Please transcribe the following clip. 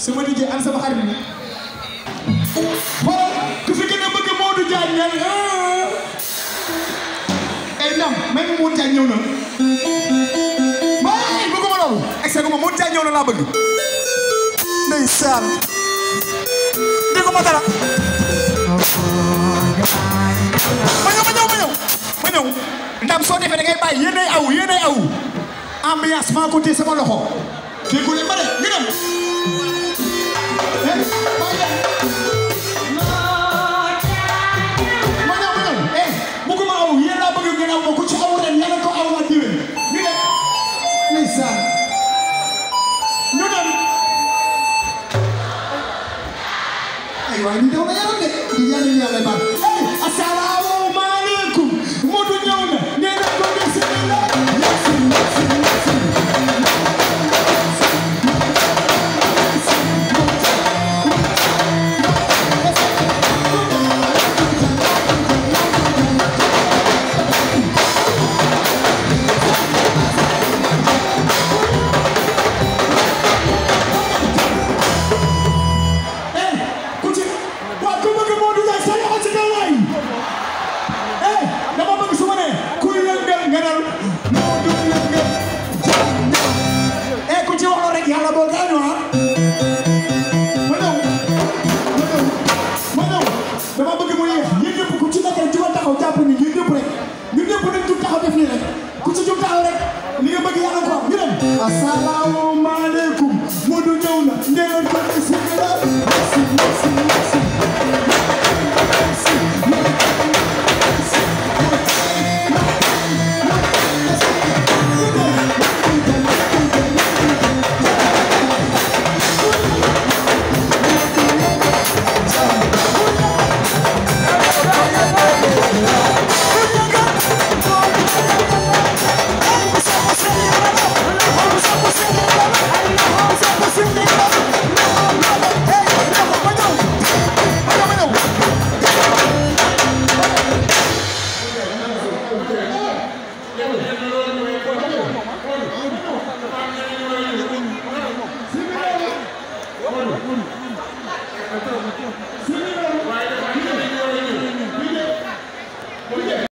sama DJ am sama xarit bi ku fi gën a bëgg Modou Diagne ñëw na ah. ay ndam may ma Modou Diagne ñëw na may bëgguma loolu ak saguma Modou Diagne na laa bëgg ndeysaan déggu ma dara ma ñëw ma ñëw ma ñëw ma ñëw ndam soo defee da ngay bàyyi yéenay aw yéenay sama loxo déggu leen ma de ñu dem y ya no Passa